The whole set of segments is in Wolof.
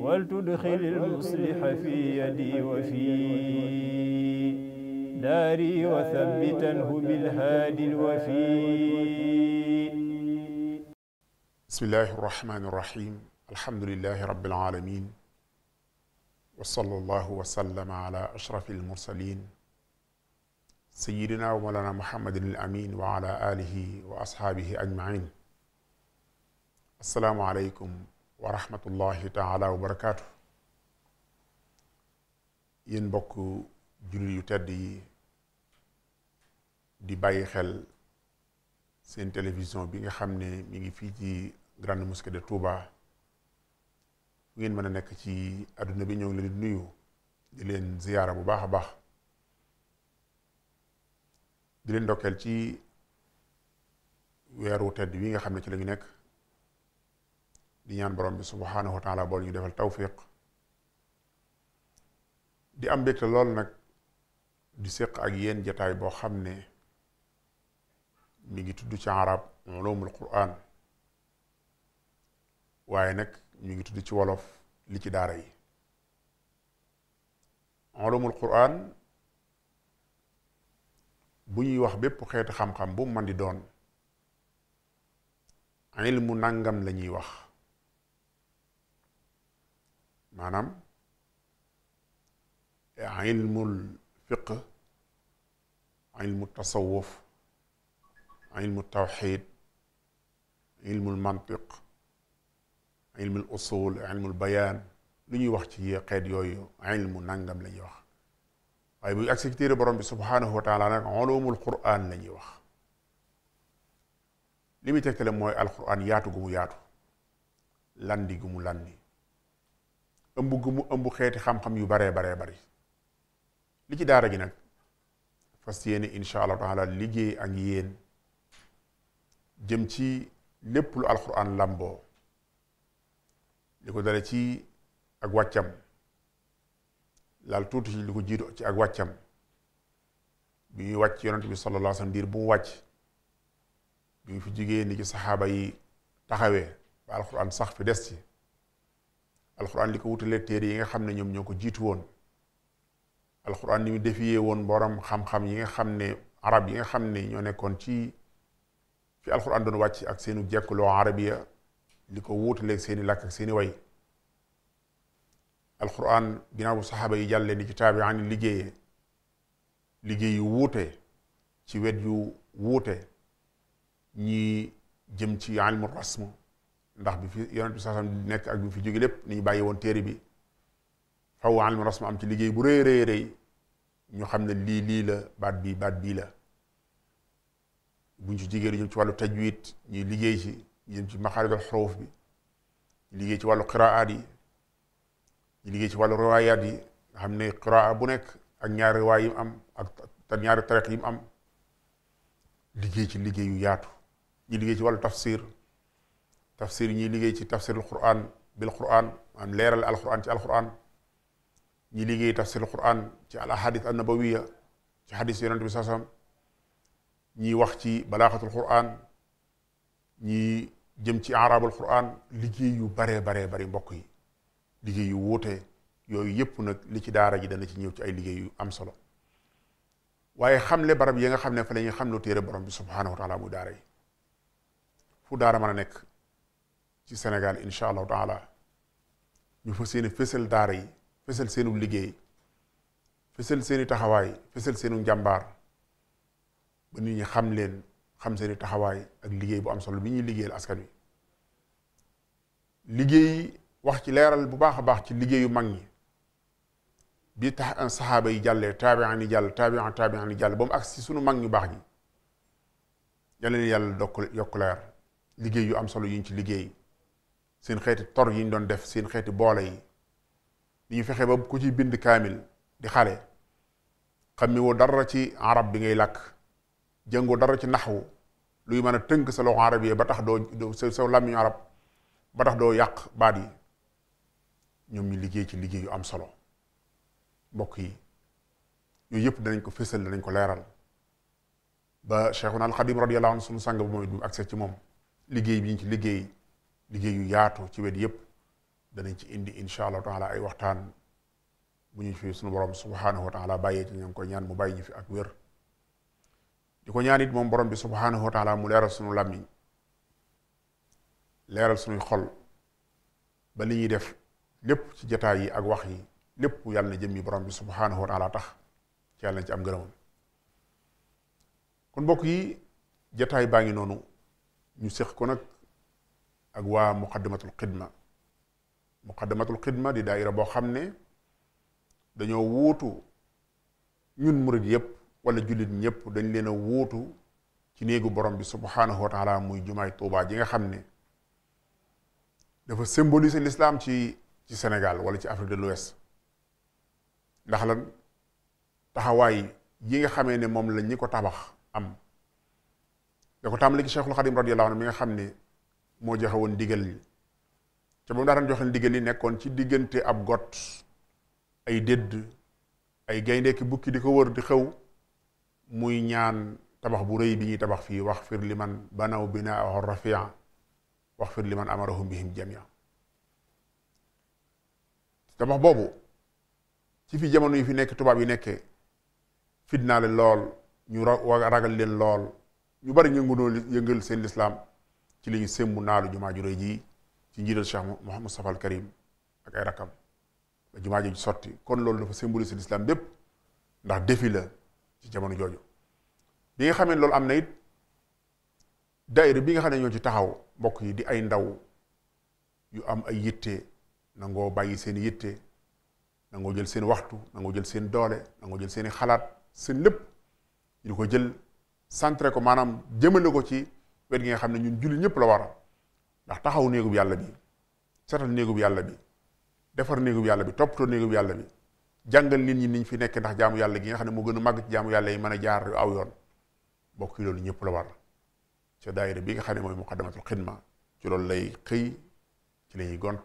ولتدخل المصلح في يدي وفي داري وثبتنه بالهادي الوفي بسم الله الرحمن الرحيم الحمد لله رب العالمين وصلى الله وسلم على أشرف المرسلين سيدنا ومولانا محمد الأمين وعلى آله وأصحابه أجمعين السلام عليكم wa rahmatullahi taala wa barakaatu yéen mbokk jullit yu tedd yi di bàyyi xel seen télévision bi nga xam ne mi ngi fii ci grande mosquée de Touba fu ngeen mën a nekk ci àdduna bi ñëw ngi leen di leen ziyaara bu baax a baax di leen ndokkeel ci weeru tedd wi nga xam ne ci lañu nekk di ñaan borom bi subhaanahu wa taala bool ñu defal tawfiq di am mbégte lool nag di séq ak yenn jataay boo xam ne mi ngi tudd ci arab ulumul quran waaye nag mi ngi tudd ci wolof li ci daara yi ulumul quran bu ñuy wax bépp xeeti xam-xam bu mu mën di doon ilmu nangam la ñuy wax maanaam ilmul fiq ilmu tasawuf ilmu tawxid ilmul mantiq ilmul usul ilmul bayaan lu ñuy wax ci xeet yooyu ilmu nangam la ñuy wax waaye bu agsi ci téere borom bi subhaanahu wa taala nag ulumul quraan la ñuy wax li muy tegtale mooy alquran yaatu gu mu yaatu landi gu mu landi ëmb gu mu ëmb xeeti xam-xam yu baree baree bari li ci daara gi nag fas yéene incha allah taala liggéey ak yéen jëm ci lépp lu alquran lamboo li ko dale ci ak wàccam laal tuuti ci li ko jiitu ak wàccam bi ñuy wàcc yonent bi sallallahu alayhi wa bu wàcc bi ñu fi jigéen ni saxaaba yi taxawee ba alquran sax fi des ci alxuraan li ko wutalee téere yi nga xam ne ñoom ñoo ko jiitu woon alxuraan ni mu defiyee woon borom xam-xam yi nga xam ne arab yi nga xam ne ñoo nekkoon ci fi alxuraan doon wàcc ak seenu jekkuloo arabiya li ko wutalee seeni làkk ak seeni way alxuraan ginnaaw bu saxaaba yi jàllee ni ci ne liggéeyee liggéey yu wuute ci wet yu wuute ñi jëm ci ilmu rasm ndax bi fi yonent bi saasam nekk ak bi fi jóge lépp ni ñu bàyyi woon téere bi faw almu rasma am ci liggéey bu rëy rëy rëy ñu xam ne lii lii la baat bii baat bii la buñ ci jigéen jëm ci wàllu tajwid ñuy liggéey ci jëm ci maxaarijul xuruuf bi ñu liggéey ci wàllu qiraat yi ñu liggéey ci wàllu riwaayaat yi xam ne qiraa bu nekk ak ñaari riwaay yi am ak ñaari tariq yi mu am liggéey ci liggéey yu yaatu ñu liggéey ci wàllu tafsir tafsir ñi liggéey ci tafsirul quran bil quran maanaam leeral alquran ci alquran ñi liggéey tafsirul quran ci al ahadith annabawiya ci xadis yonent bi sasam ñi wax ci balaaxatul quran ñi jëm ci arabul quran liggéey yu baree baree bari mbokk yi liggéey yu wuute yooyu yépp nag li ci daara ji dana ci ñëw ci ay liggéey yu am solo waaye xamle barab yi nga xam ne fa la xam lu téere borom bi subhaanahu wa muy daara yi fu daara mën a nekk ci Sénégal incha allahu taala ñu fas yéene fësal daara yi fësal seenu liggéey fësal seeni taxawaay fësal seenu njàmbaar ba nit ñi xam leen xam seeni taxawaay ak liggéey bu am solo bi ñuy liggéeyal askan wi liggéey wax ci leeral bu baax a baax ci liggéey yu mag ñi bi tax saxaaba yi jàllee taabi'aan ni jàll taabi'aan taabi'aan ni jàll ba mu agsi si sunu mag ñu baax ñi yal na leen yàlla dokk yokk leer liggéey yu am solo yuñ ci liggéey seen xeeti tor yi ñu doon def seen xeeti boole yi li ñu fexe ba ku ci bind kaamil di xale xam mi woo dara ci arab bi ngay làkk jëngoo dara ci naxwu luy mën a tënk sa loxo arab yi ba tax doo sa sa làmmiñu arab ba tax doo yàq baat yi ñoom ñu liggéey ci liggéey yu am solo mbokk yi yooyu yëpp danañ ko fésal danañ ko leeral ba Cheikhuna al Xadim radiyallahu anhu sunu sang ba mooy du accès ci moom liggéey bi ñu ci liggéey liggéey yu yaatu ci wet yépp danañ ci indi incha allah taala ay waxtaan bu ñu fi sunu borom subhanahu wa laa bàyyee ci ñu ngi koy ñaan mu bàyyi ñu fi ak wér di ko ñaan it moom borom bi subhanahu wa taala mu leeral sunu làmmiñ leeral sunuy xol ba li ñuy def lépp ci jataay yi ak wax yi lépp yàlla na jëmmi borom bi subhanahu wa laa tax ci yàlla na ci am ngërëmam kon mbokk yi jataay baa ngi noonu ñu séq ko nag ak waa muqaddamatul xidma muqaddamatul xidma di daayira boo xam ne dañoo wuutu ñun murid yépp wala jullit ñépp dañ leen a wuutu ci néegu borom bi subhanahu wa taala muy jumaay tuubaa ji nga xam ne dafa symboliser l'islam ci ci Sénégal wala ci Afrique de l'Ouest ndax la taxawaay yi nga xamee ne moom la ñi ko tabax am da ko tàmbali ci Cheikhul Xadim radiyallahu anhu mi nga xam ne moo joxewoon woon ndigal li te ba mu daan joxe nekkoon ci diggante ab got ay dédd ay ki bukki di ko wër di xew muy ñaan tabax bu rëy bi ñuy tabax fii wax fir li man banaw binaahu rafia wax fir li man amarahum bihim jamia tabax boobu ci fi jamono yi fi nekk tubaab yi nekkee fitnaale lool ñu ragal leen lool ñu bari ñëngunoo yëngal seen lislaam ci li ñu sémmu naalu jumaa ju réy ji ci njiital Cheikh Mouhamed mu al Karim ak ay rakam ba jumaa ji sotti kon loolu dafa symboliser l'islam bépp ndax défi la ci jamono jooju bi nga xamee loolu am na yit daayira bi nga xam ne ñoo ci taxaw mbokk yi di ay ndaw yu am ay yitte nangoo bàyyi seen yitte nangoo jël seen waxtu nangoo jël seen doole nangoo jël seen i xalaat seen lépp ñu ko jël centré ko maanaam jëmale ko ci wet gi nga xam ne ñun jullit ñëpp la war ndax taxaw néegub yàlla bi setal néegub yàlla bi defar néegub yàlla bi toppatoo néegub yàlla bi jàngal nit ñi niñ fi nekk ndax jaamu yàlla gi nga xam ne moo gën a màgg ci jaamu yàlla yi mën a jaar aw yoon bokk yi loolu ñëpp la war ca daayira bi nga xam ne mooy muqaddamatul xidma ci loolu lay xëy ci lañuy gont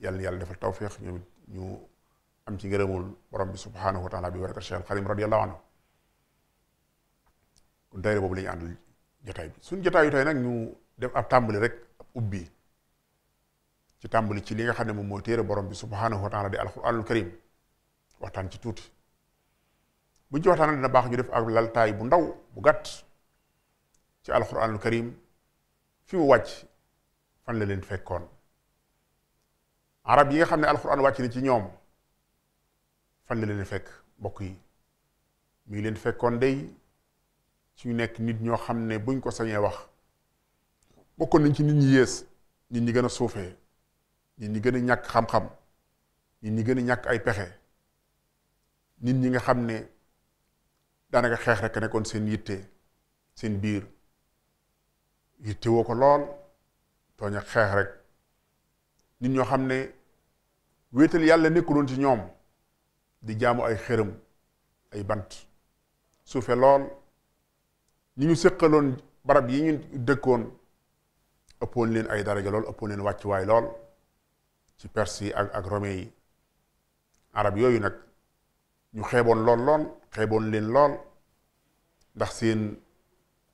yàlla na yàlla defal tawféex ñu ñu am ci ngërëmul borom bi subhanahu wa taala bi barakat Cheikh Xadim radiyallahu anhu kon daayira boobu la ñu jotaay bi suñ jotaayu nag ñu def ab tàmbali rek ab ubbi ci tàmbali ci li nga xam ne moom mooy téere borom bi subhanahu wa taala di alquranul karim waxtaan ci tuuti buñ ci waxtaan dina baax ñu def ab laltaay bu ndaw bu gàtt ci alquranul karim fi mu wàcc fan la leen fekkoon arab yi nga xam ne alquran wàcc na ci ñoom fan la leen fekk mbokk yi mi ngi leen fekkoon day suñu nekk nit ñoo xam ne buñ ko sañee wax bokkoon nañ ci nit ñi yées nit ñi gën a suufee nit ñi gën a ñàkk xam-xam nit ñi gën a ñàkk ay pexe nit ñi nga xam ne daanaka xeex rek nekkoon seen yitte seen biir yitte ko lool tooñ xeex rek nit ñoo xam ne wéetal yàlla nekkuloon ci ñoom di jaamu ay xërëm ay bant suufe lool li ñu sëqaloon barab yi ñu dëkkoon ëppoon leen ay daraja lool ëppoon leen waay lool ci perse yi ak ak yi arab yooyu nag ñu xeeboon lool lool xeeboon leen lool ndax seen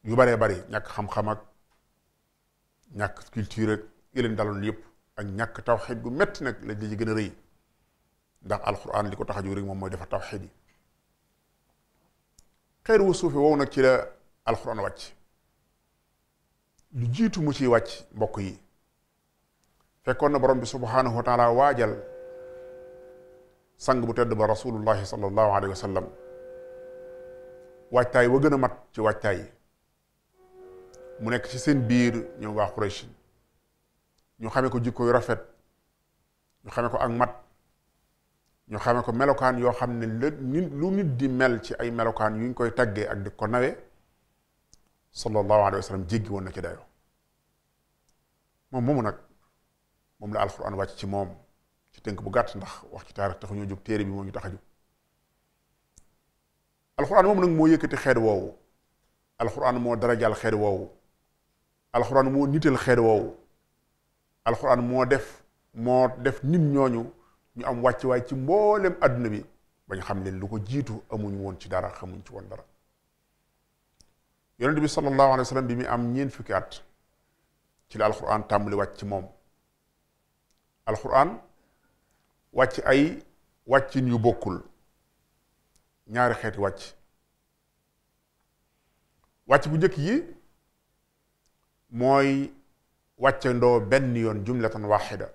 yu baree bari ñàkk xam-xam ak ñàkk culture ak yi leen daloon yëpp ak ñàkk tawxid gu métti nag la ci gën a rëy ndax alquran li ko tax a rek moom mooy dafa tawxid yi xeer wu suufe wow nag ci la alxuraan wàcc lu jiitu mu ci wàcc mbokk yi fekkoon na borom bi subhaanahu wa taala waajal sang bu tedd ba rasulullahi sallallahu alayhi wa sallam waajtaay gën a mat ci waajtaay yi mu nekk ci seen biir ñoom waa Quraysh ñu xame ko jikko rafet ñu xamee ko ak mat ñu xamee ko melokaan yoo xam ne lu nit di mel ci ay melokaan yuñ koy taggee ak di ko nawe sallallahu alayhi wa sallam jéggi woon na ci dayoo moom moomu nag moom la alxuraan wàcc ci moom ci tënk bu gàtt ndax wax ci taarix taxu ñoo jóg téere bi moo ñu tax a jóg alxuraan moom nag moo yëkkati xeet woowu alxuraan moo darajaal xeet woowu alxuraan moo nital xeet woowu alxuraan moo def moo def nit ñooñu ñu am wàcc waay ci mboolem àdduna bi bañ xam ne lu ko jiitu amuñu woon ci dara xamuñ ci woon dara yonent bi sallallahu alayhi wa bi mu am ñeent fukki at ci la alquran tàmbali wàcc ci moom alquran wàcc ay wàccin yu bokkul ñaari xeeti wàcc wàcc bu njëkk yi mooy wàccandoo benn yoon jumlatan waxida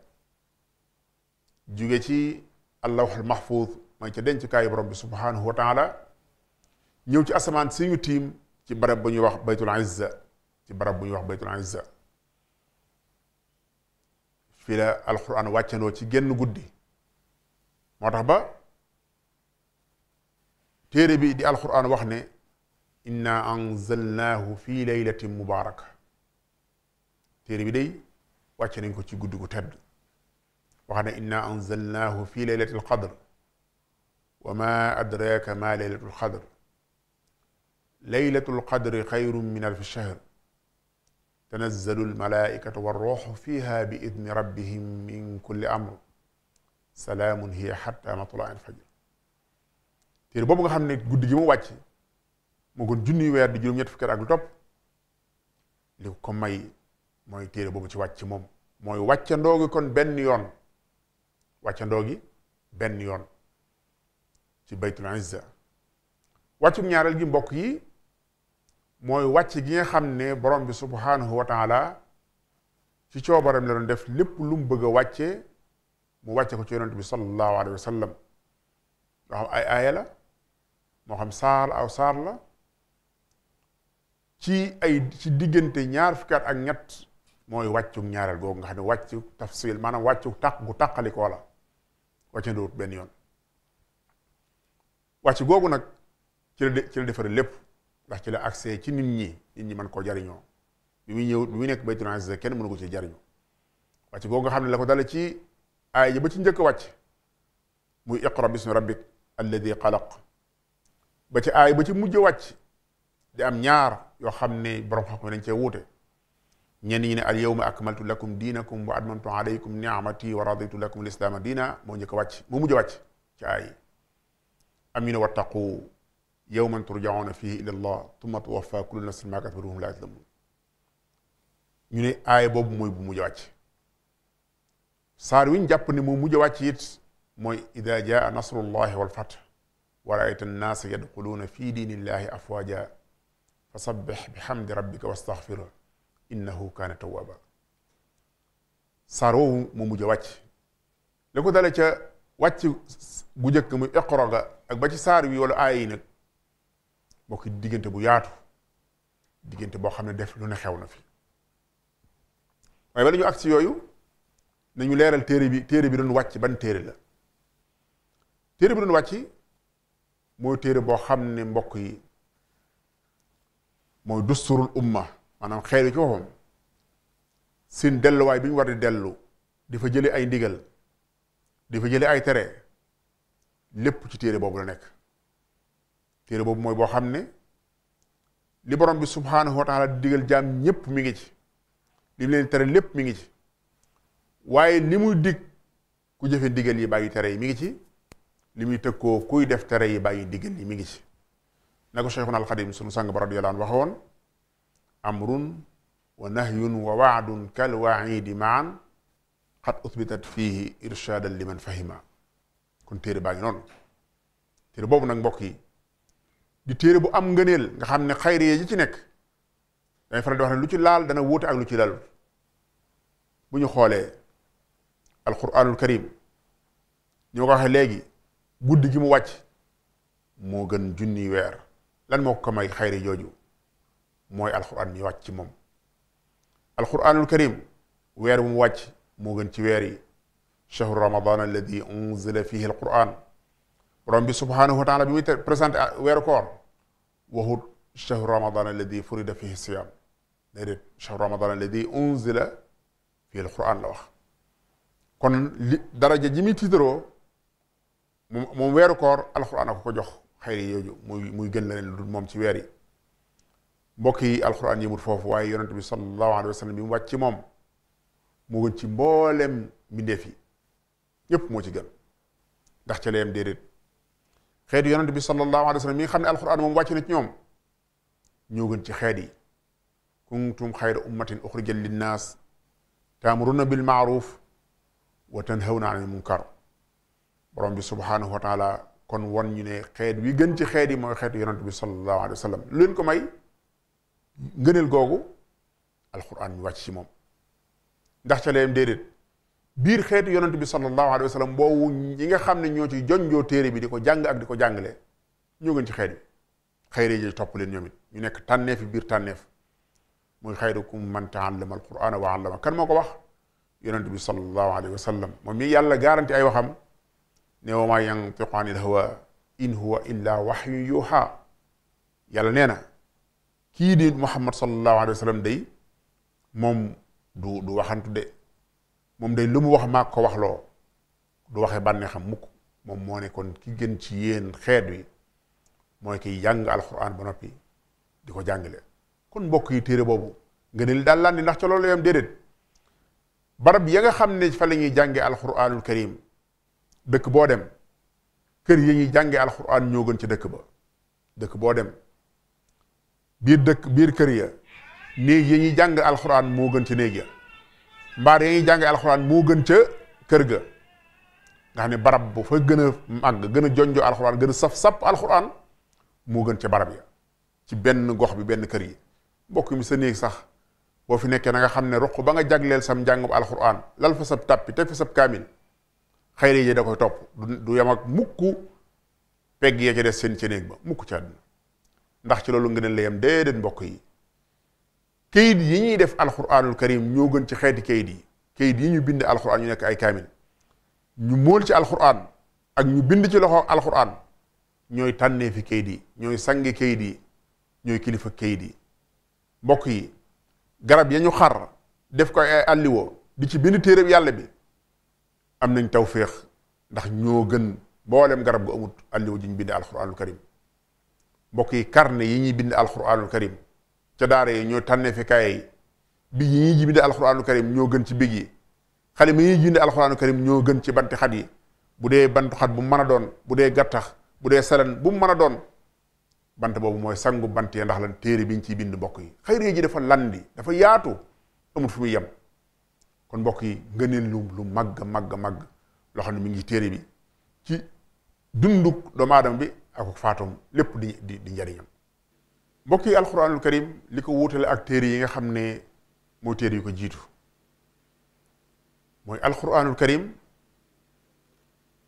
juge ci allawxul mahfuuz mooy ca denc kaayu borom bi subhanahu wa ñëw ci asamaan si ñu tiim ci barab bu ñuy wax baytul izza ci barab bu ñuy wax baytul izza fii la alquran wàccandoo ci genn guddi moo tax ba téere bi di alquran wax ne inna anzalnaahu fi laylatin mubaaraka téere bi day wàcce nañ ko ci guddi gu tedd wax ne inna anzalnaahu fi laylati alqadr wa ma adraka ma laylatu alqadr laylatul qadri xayrun min alfi shahr tanazzalu almalaikatu warruuhu fiha bi idni rabbihim min kulli amr salaamun hiya xatta matlaa al fajr téere boobu nga xam ni guddi gi mu wàcc moo gën junniy weer di ko may mooy téere boobu ci wàcc moom mooy wàccandoo gi kon benn yoon wàccandoo gi benn yoon ci baytul izza wàccum ñaareel gi mbokk yi mooy wàcc gi nga xam ne borom bi subhanahu wa taala ci coobaram la def lépp lu mu bëgg a wàccee mu wàcce ko ci yonent bi sallallahu alayhi wa sallam nga xam ay aaya la moo xam saar aw saar la ci ay ci diggante ñaar fukki ak ñett mooy wàccu ñaareel googu nga xam ne wàccu tafsil maanaam wàccu taq gu tàqalikoo la wàcce ndowut benn yoon wàcc googu nag ci la ci lépp ndax ci la accès ci nit ñi nit ñi mën koo jariñoo bi muy ñëw bi muy nekk baytul aziz kenn mënu ko ci jariñoo wàcc googu nga xam ne la ko dale ci aaya ji ba ci njëkk wàcc muy iqra bismi rabbik alladi xalaq ba ci aaya ba ci mujj wàcc di am ñaar yoo xam ne borom xam nañ cee wuute ñenn ñi ne al yawma akmaltu lakum diinakum wa atmamtu alaykum ni'mati wa raditu lakum al islaama diina moo njëkk wàcc moo mujj wàcc ci aaya yi am ñu ne wattaqu yawman turjauna fihi ila llah tumma tuwaffa kullu nafsin ma kasabat wa hum la yuzlamun ñu ne aaya boobu mooy bu mujj wàcc saar wi ñu jàpp ne moo mujj wàcc it mooy ida jaa nasrullahi wal fath wa raayta annaasa yadxuluuna fi diinillahi afwaja fa sabbih bihamdi rabbika wastaghfirhu innahu kaana tawwaaba saar woowu moo mujj wàcc la ko dale ca wàcc gu njëkk muy iqra ga ak ba ci saar wi wala aaya yi nag bokk diggante bu yaatu diggante boo xam ne def lu ne xew na fi waaye bala ñu agsi si yooyu nañu leeral téere bi téere bi doon wàcc ban téere la téere bi doon wàcc mooy boo xam ne mbokk yi mooy dusturul umma maanaam xeeru ci boppam seen delluwaay bi ñu war di dellu di fa jële ay ndigal di fa jële ay tere lépp ci téere boobu la nekk téere boobu mooy boo xam ne li borom bi subhaanahu wa taala di digal jaam ñépp mi ngi ci li mu leen tere lépp mi ngi ci waaye li muy dig ku jëfe digal yi bàyyi tere yi mi ngi ci li muy koo kuy def tere yi bàyyi digal yi mi ngi ci na ko Cheikhuna Alxadim sunu sang ba radiyallahu anhu waxoon amrun wa nahyun wa waadun kal waidi maan xat utbitat fihi irshaadan liman fahima kon téere baa noonu téere boobu nag mbokk yi di téere bu am ngëneel nga xam ne xayri yi ci nekk dañ faral di wax ne lu ci laal dana wuute ak lu ci laalut bu ñu xoolee alquranul karim ñu ko waxee léegi guddi gi mu wàcc moo gën junni weer lan moo ko may xayri jooju mooy alquran mi wàcc ci moom alquranul karim weer bu mu wàcc moo gën ci weer yi chahru ramadan alladi unzila fihi alquran borom bi subhanahu wa taala bi muy présenté weer koor waxut chahru ramadan alladi furida fihi siyam déedéet chahru ramadan alladi unzila fii alquran la wax kon li daraja ji muy tiitaroo moom moom weeru koor alquran a ko jox xayri yooyu muy muy gën leneen lu moom ci weer yi mbokk yi alquran yëmut foofu waaye yonent bi sallallahu alayhi wa bi mu wàcc ci moom moo gën ci mboolem mbindeef yi ñëpp moo ci gën ndax ca leem déedéet xeetu yonent bi sallallahu alayhi wa sallam xam ne alquran moom wàcc na ci ñoom ñoo gën ci xeet yi kuntum xayra ummatin uxrijat linnaas taamuruna bil maaruf wa tanhawna anil munkar borom bi subhanahu wa taala kon wan ñu ne xeet wi gën ci xeet yi mooy xeetu yonent bi sallallahu alayhi wa sallam lu leen ko may ngëneel googu alquran mi wàcc ci moom ndax ca leem déedéet biir xeetu yonent bi sallallahu alayhi wa sallam boobu ñi nga xam ne ñoo ci jonjoo téere bi di ko jàng ak di ko jàngale ñoo gën ci xeet bi yi ji topp leen ñoom it ñu nekk tànneef biir tànneef muy xayrukum man taallama alqurana wa allama kan moo ko wax yonent bi sallallahu alayhi wa sallam moom mi yàlla garanti ay waxam ne wa maa yantiqu anil hawa in huwa illa waxyu yuha yàlla nee na kii di Muhammad sallallahu alayhi wa sallam moom du du waxantu de moom day lu mu wax maa ko waxloo du waxee bànneexam mukk moom moo ne kon ki gën ci yéen xeet wi mooy kiy jàng alxuraan ba noppi di ko jàngale kon mbokk yi téere boobu nga ne li daal laan ndax ca loolu yam déedéet barab ya nga xam ne fa la ñuy jàngee alxuraanul karim dëkk boo dem kër yi ñuy jàngee alxuraan ñoo gën ci dëkk ba dëkk boo dem biir dëkk biir kër ya néeg yi ñuy jàng alxuraan moo gën ci néeg ya mbaar ya ñuy jànge alxuraan moo gën ca kër ga nga xam ne barab bu fa gën a màgg gën a jonjo alxuraan gën a saf-sap alxuraan moo gën ca barab ya ci benn gox bi benn kër yi mbokk mi sa néeg sax boo fi nekkee na nga xam ne ruq ba nga jagleel sam njàngub alxuraan lal fa sab tàppi teg fa sab kaamil xëy na da koy topp du yem ak mukk pegg ya ca des seen ca néeg ba mukk ca àdduna ndax ci loolu ngeen la yem déedéet mbokk yi kayit yi ñuy def alquranul karim ñoo gën ci xeeti kayit yi kayit yi ñu bind alquran ñu nekk ay kaamin ñu móol ci alquran ak ñu bind ci loxo alquran ñooy tànnee fi yi ñooy sangi kayit yi ñooy kilifa kayit yi mbokk yi garab ya ñu xar def ko ay àlliwoo di ci bind téereb yàlla bi am nañ tawféex ndax ñoo gën mboolem garab gu amut àlliwoo ji ñu bind alquranul karim mbokk yi karne yi ñuy bind alquranul karim ca daara yi ñoo tànnee fi kaye yi big yi ñuy jibinde alxuraanu karim ñoo gën ci big yi xalima yi ñuy jibinde alxuraanu karim ñoo gën ci banti xat yi bu dee bantu xat bu mën a doon bu dee gattax bu dee salan bu mu mën a doon bant boobu mooy sangu bant ya ndax la téere bi ñu ciy bind mbokk yi xayri ji dafa landi dafa yaatu amul fu mu yem kon mbokk yi ngëneel lu lu màgg màgg màgg loo xam ne mi ngi téere bi ci dunduk doomu aadama bi ak faatoom lépp di di di njariñam mbokk yi alxuraanul karim li ko wuutale ak téere yi nga xam ne mooy téere yu ko jiitu mooy alxuraanul karim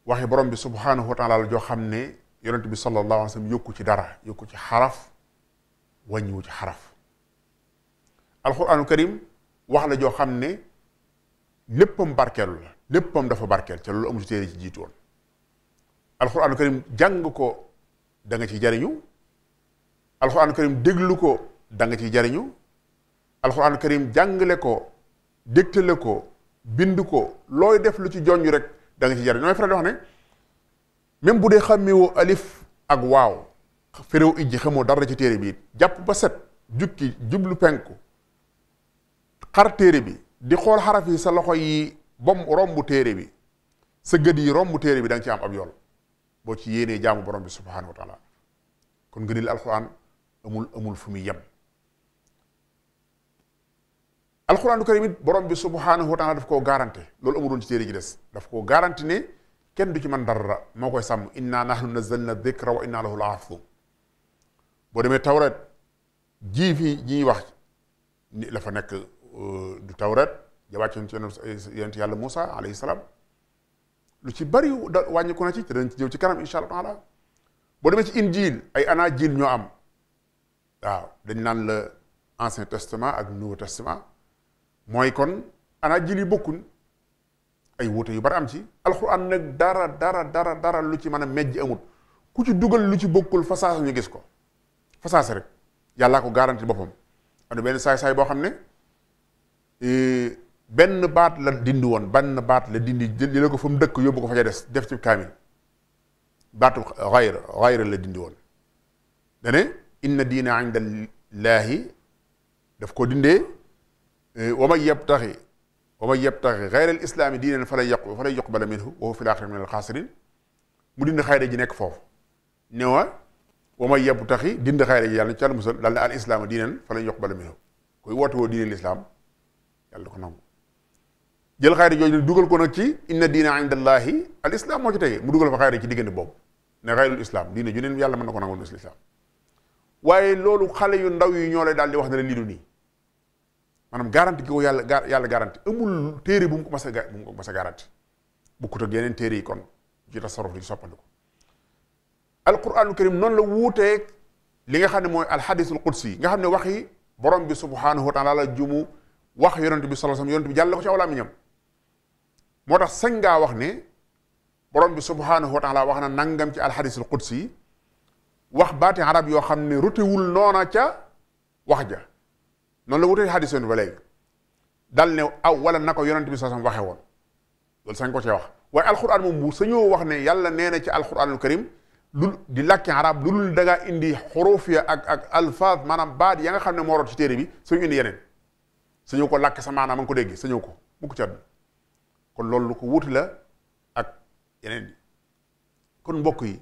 waxi borom bi subhaanahu wa la joo xam ne yonent bi sallallahu alayhi wa ci dara yokku ci xaraf wàññiwu ci xaraf alxuraanul karim wax la joo xam ne léppam barkeelu la léppam dafa barkeel ca loolu amu ci téere ci jiitu woon alxuraanul karim jàng ko da ci jariñu alxuraanu karim déglu ko danga ci jariñu alxuraanu karim jàngale ko dégtale ko bind ko looy def lu ci jonj rek danga ci jariñu damay faral di wax ne même bu dee xàmmeewoo alif ak waaw féréw ijji xamoo dara ci téere bi jàpp ba set jukki jublu penku xar téere bi di xool xaraf yi sa loxo yi bom romb téere bi sa gët yi romb téere bi danga ci am ab yool boo ci yéenee jaamu borom bi subhaanahu wa taala kon ngëneel alxuraan amul amul fu muy yem alxuraanu karim it borom bi subhaanahu wa taala daf koo garanti loolu amuloon ci téere ji des daf koo garanti ne kenn du ci mën dara moo koy sàmm inna nahnu nazzalna dikra wa inna lahu lahafidun boo demee tawret ji fi ji wax lafa la fa nekk euh, du tawret ja wàccoon ci yonent yàlla Muusa alayhi salaam lu ci bari wàññi ko na ci te dañ ci jëw ci kanam insha allah taala ci in ci ay ana jiil ñoo am waaw dañ naan la ancien testament ak nouveau testament mooy kon ana ji li bokkun ay wuute yu bari am ci alxuraan nag dara dara dara dara lu ci man a mejj amut ku ci dugal lu ci bokkul fasaasa ñu gis ko fasaasa rek yàllaa ko garanti boppam anu benn saay-saay boo xam ne e, benn baat la dindi woon benn baat la dindi jël jële ko fa mu dëkk yóbbu ko fa des def ci kaamil baatu xayra xayra la dindi woon dane inna diina inda llaahi daf ko dindee eh, wa man yabtaxi wa man yabtaxi gayra al islaami diinan fa yaqu falan yuqbala minhu wa huwa fi l min al mu dind xayra ji nekk foofu ne wa wa man yabtaxi dind xayra ji yàlla na ci yàlla musal daal ne al islaama diina al islaam moo ci tege mu dugal fa xayra ci diggante boobu ne xayrul islaam diine ju neen yàlla mën na ko nangul islam waaye loolu xale yu ndaw yi ñoo lay daal di wax ne la lii du nii maanaam garanti gi ko yàlla ga yàlla garanti amul téere bu mu ko mas a bu mu ko mas a garanti bokkut ak yeneen téere yi kon ci tasarruf di soppandiku alquranul karim noonu la wuuteeg li nga xam ne mooy alxadisul yi nga xam ne wax yi borom bi subhanahu wa taala la jumu wax yonent bi sallallahu alayhi wasallam yonent bi jàll ko ci aw làmmiñam moo tax sañ ngaa wax ne borom bi subhanahu wa taala wax na nangam ci alxadisul qudsi wax baati arab yoo xam ne rutewul noona ca wax ja noonu la wutee xadis yoon ba léegi dal ne aw wala na ko yonent bi saasam waxe woon loolu sañ ko cee wax waaye alquran moom bu sañoo wax ne yàlla nee na ci alquranul karim lu di làkki arab lu dul dangaa indi xuruuf ya ak ak alfaaz maanaam baat ya nga xam ne moo root ci téere bi suñu indi yeneen sañoo ko làkk sa maanaam ma nga ko déggee sañoo ko mukk ci àdduna kon loolu lu ko wuti la ak yeneen yi kon mbokk yi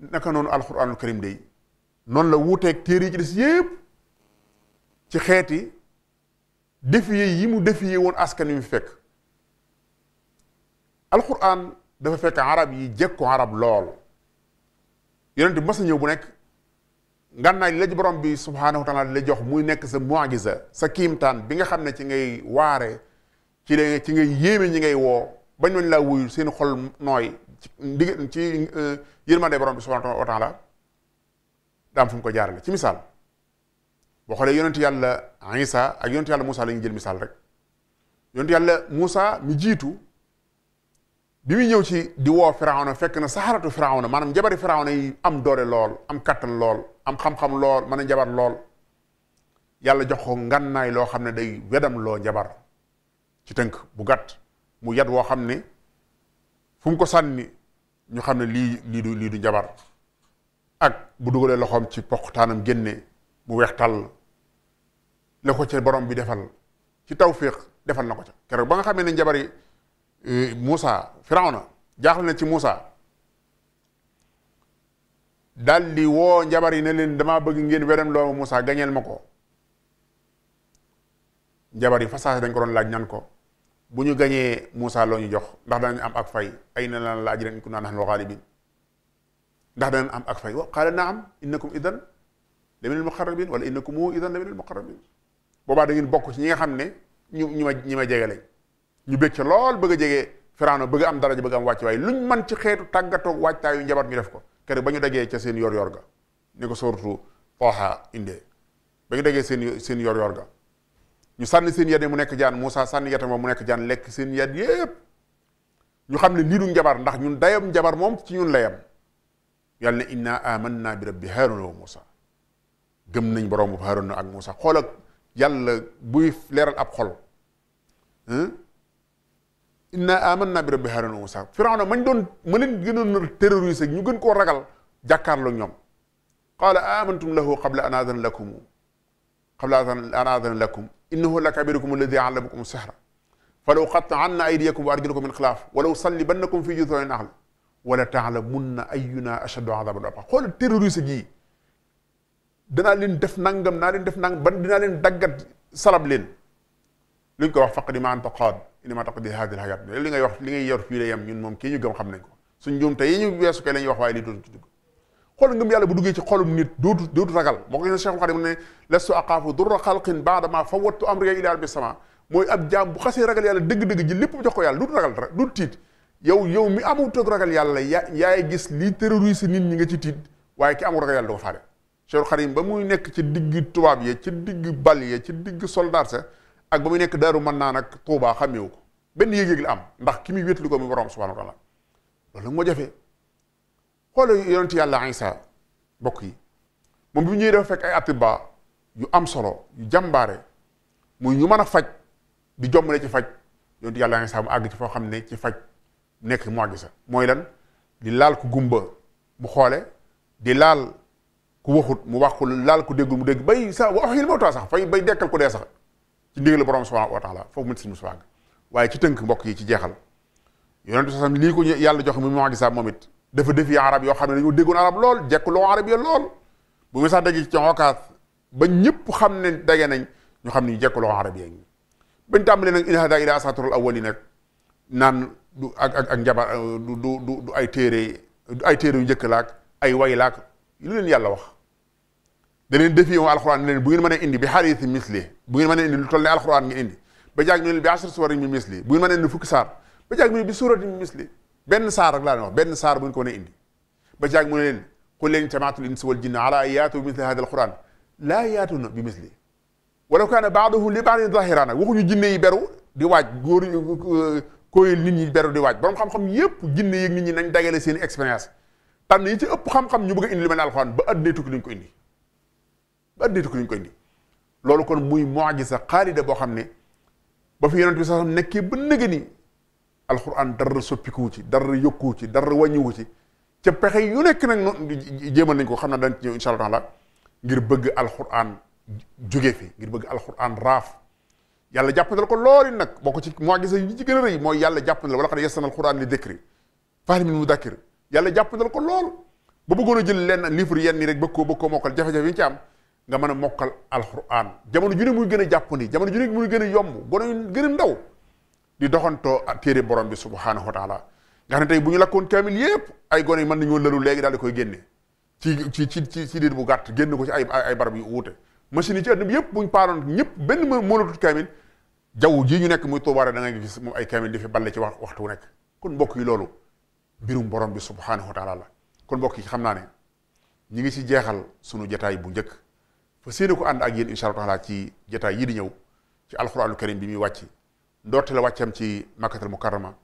naka noonu alxuraanul karim day noonu la wuuteeg téere yi ci des yépp ci xeeti défier yi mu défier woon askan wi mu fekk alxuraan dafa fekk arab yi jekko arab lool yonent bi mas a ñëw bu nekk ngànnaay li la borom bi subhaanahu wa la jox muy nekk sa mu'jiza sa kiimtaan bi nga xam ne ci ngay waare ci la ci ngay yéeme ñi ngay woo bañ woon laa wuyu seen xol nooy ci yërmande borom bi subhanahu wa taala daam fu mu ko jaarale ci misaal boo xoolee yonent yàlla Isa ak yonent yàlla Moussa la ñu jël misaal rek yonent yàlla Moussa mi jiitu bi muy ñëw ci di woo Firawna fekk na saxaratu Firawna maanaam njabari Firawna yi am doole lool am kàttan lool am xam-xam lool mën a njabar lool yàlla jox ko ngannaay loo xam ne day wedam loo jabar ci tënk bu gàtt mu yat woo xam ne fu mu ko sànni ñu xam ne lii lii du lii du njabar ak bu dugalee loxoom ci poqtaanam génne mu weex tàll la ko ca borom bi defal ci tawfiq defal na ko ca keroog ba nga xamee ne njabar yi eh, Moussa Firawna jaaxle na ci Moussa daal di woo njabar yi ne leen damaa bëgg ngeen werem loomu Moussa gañeel ma ko njabar yi fasaase dañ ko doon laaj ñan ko bu ñu gañee Moussa loo ñu jox ndax danañ am ak fay ay na lan la ajran in kunna nahnu ghalibin ndax danañ am ak fay wa qaala naam innakum idan la minal muqarrabin wala innakum idan la minal muqarrabin boobaa da ngeen bokk ci ñi nga xam ne ñu ñu ma ñi ma jege lañ ñu bëgg ca lool bëgg a jege Firawna bëgg am daraja bëgg am wàcc waaye ñu man ci xeetu tàggatoog waajtaayu njabar ñu def ko keroog ba ñu dagee ca seen yor yoor ga ni ko sóoratu Taaha indee ba ñu dagee seen seen yor yoor ga ñu sànni seen yat mu nekk jaan Moussa sànni yatam mu nekk jaan lekk seen yat yépp ñu xam ne lii du njabar ndax ñun dayam njabar moom ci ñun layam yàlla ne inna amanna bi rabbi Haaruna wa Moussa gëm nañ borom bu Haaruna ak Moussa xool ak yàlla buy leeral ab xol inna amanna bi rabbi Haaruna wa Moussa Firawna mañ doon ma leen gënoon terroriser ñu gën koo ragal jàkkaarloo ñoom qaala amantum lahu qabla an aadana lakum qabla an aadana lakum innahu lakabirukum alladi allamakum sihra falaw qata'anna aydiyakum wa arjulakum min xilaaf walaw sallibannakum fi juzuu'in naxl wala taalamunna ayuna ashaddu azaban wabqa xoolal terroriste gii danaa leen def nangam naa leen def nangam ban dinaa leen daggat salab leen luñ ko wax faqdi ma anta qaad innama taqdi haadihi l-hayaat li ngay wax li ngay yor fii la yem ñun moom kii ñu gëm xam nañ ko suñ njuumte yi ñu weesu kay la ñuy wax waaye lii dootu ci dugg xool ngëm yàlla bu duggee ci xolum nit dootu dootu ragal moo ko Cheikhul Khadim ne lastu axaafu durra xalqin ba'da maa fawwadtu amriya ilaa rabbi sama mooy ab jaam bu xasee ragal yàlla dëgg-dëgg ji lépp jox ko yàlla dootu tiit yow yow mi amul toog ragal yàlla yaa yaay gis lii terroriste nit ñi nga ci tiit waaye ki amul ragal yàlla du ko faale Cheikhul Khadim ba muy nekk ci digg tubaab ye ci digg bal ye ci digg soldat sa ak ba muy nekk daaru mën naa nag Tuubaa xameewu ko benn yëg-yëg am ndax ki muy wéetlu ko mi borom subhanahu wa taala loolu moo jafe xoolal yonentu yàlla Isa mbokk yi moom bi ñuy def dafa fekk ay atibaa yu am solo yu jàmbaare muy ñu man a faj di jombale ci faj yonentu yàlla Isa mu àgg ci foo xam ne ci faj nekk mu àgg sa mooy lan di laal ku gumba mu xoole di laal ku waxut mu wax ku laal ku déggul mu dégg bay sa wa wax yi moo sax fay bay dekkal ku dee sax ci ndigal borom subhanahu wa taala foofu mën si mu waaye ci tënk mbokk yi ci jeexal yonentu sasam lii ko yàlla jox mu mu àgg sa moom dafa defi arab yoo xam ne dañoo déggoon arab lool jekkuloo arab ya lool bu muy sax dagg ci xokaas ba ñëpp xam ne dage nañ ñu xam ni jekkuloo arab ya bañ tàmbalee nag in hada ila asatirul awwali du ak ak ak njabar du du du du ay téere du ay téere yu njëkk laak ay way laak lu leen yàlla wax da leen defi yow alxuraan ne bu ngeen mënee indi bi xaalis misli bu ngeen mënee indi lu toll ne alxuraan ngeen indi ba jàng ñu leen bi asr suwarin misli bu ngeen mënee indi fukki saar ba jàng ñu bi suuratin misli benn saar rek laa leen benn saar bu ñu ko mën a indi ba caag mu ne leen qul leen jamaatul insi wal jinna ala yaatu bi misli hada alquran laa yaatuna bi misli walaw kaana baaduhum li baadin zahiraa nag waxuñu jinne yi beru di waaj góor kooyel nit ñi beru di waaj borom xam-xam yépp jinne yeeg nit ñi nañ dagale seen expérience tànn yi ci ëpp xam-xam ñu bëgg a indi lu mel ne alquran ba adduna tukki duñ ko indi ba adduna tukki duñ ko indi loolu kon muy mu'jiza xaalida boo xam ne ba fi bi sax nekkee ba alxuraan dara soppikuwu ci dara yokkuwu ci dara wàññiwu ci ca pexe yu nekk nag noonu jéemal nañ ko xam naa dañ ci ñëw incha allah taala ngir bëgg alxuraan jóge fi ngir bëgg alxuraan raaf yàlla jàppandal ko looli nag boo ko ci moo gisee yi ci gën a rëy mooy yàlla jàppandal wala xad yassarna alxuraan li dikri fahal min mudakkir yàlla ko lool ba bëggoon a jël lenn livre yenn nii rek bëgg koo bëgg koo mokkal jafe-jafe yi ci am nga mën a mokkal alxuraan jamono ju ne muy gën a jàppandi jamono ju ne muy gën a yomb gone gën ndaw di doxantoo téere borom bi subhaanahu wa taala nga xam ne tey bu ñu lakkoon kaamil yépp ay gone yi mën nañoo lëlu léegi daal koy génne ci ci ci ci diir bu gàtt génn ko ci ay ay barab yu wuute machine yi ci àdduna bi yépp buñ paaloon ñëpp benn mënatut kaamil jaww jii ñu nekk muy tuubaare da ngay gis moom ay kaamil di fi balle ci waxtu wu nekk kon mbokk yi loolu mbirum borom bi subhaanahu wa taala la kon mbokk yi xam naa ne ñi ngi ci jeexal sunu jataay bu njëkk fa séeni ko ànd ak yéen incha allah taala ci jataay yii di ñëw ci alquraanul karim bi muy wàcc ndoorte la wàccam ci makkatal mukarrama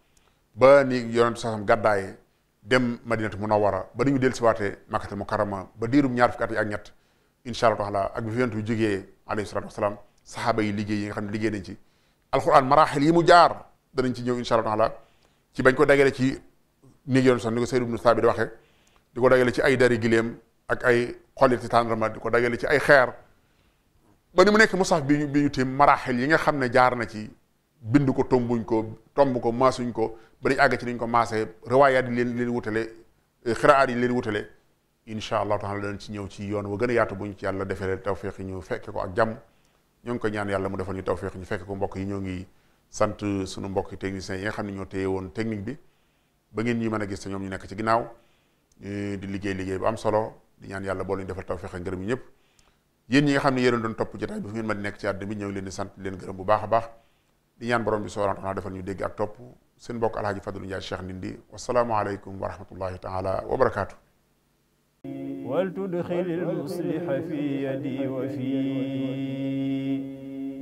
ba ni yonent saasam gàddaaye dem madinatu munawwara ba ni ñu del siwaate makkatal mukarrama ba diirum ñaar fukki yi ak ñett incha allah ak bi fi yonent bi jógee alayhi salaatu wasalaam saxaaba yi liggéey yi nga xam ne liggéey nañ ci alquran maraaxil yi mu jaar danañ ci ñëw incha allah taala ci bañ ko dagale ci néeg yoon ni ko Sayd ibnu waxee di ko dagale ci ay dari gileem ak ay xoliti tàndarma di ko dagale ci ay xeer ba ni mu nekk mu bi bi ñu tiim maraaxil yi nga xam ne jaar na ci bind ko tombuñ ko tomb ko maasuñ ko ba dañ àgg ci niñ ko maasee riwaayaat yi leen leen wutale eh, xiraat yi leen wutale incha allahu taala danañ ci ñëw ci yoon wa gën a yaatu buñ ci yàlla defee tawféex yi ñu fekke ko ak jàmm ñoo ngi ko ñaan yàlla mu defal ñu tawféex ñu fekke ko mbokk yi ñoo ngi sant sunu mbokk techniciens yi nga xam ne ñoo téye woon technique bi ba ngeen ñi mën a gis te ñoom ñu nekk ci ginnaaw eh, di liggéey liggéey bu am solo di ñaan yàlla boole ñu defal tawféex ak ngërëm yi ñëpp yéen ñi nga xam ne yéen doon topp jotaay bi fu ngeen mën di nekk ci àdduna bi ñoo leen di sant leen gërëm bu baax a di ñaan borom bi subhaanahu wa taala defal ñu dégg ak topp seen mbokk alhaji Fadlu Ndiaye Cheikh Ndindi wasalaamualeykum wa rahmatullahi taala wa barakaatu wal tudxil al-musliha fi yadi wa fi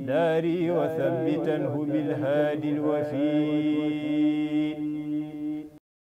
daari wa thabbitanhu bil haadi al-wafi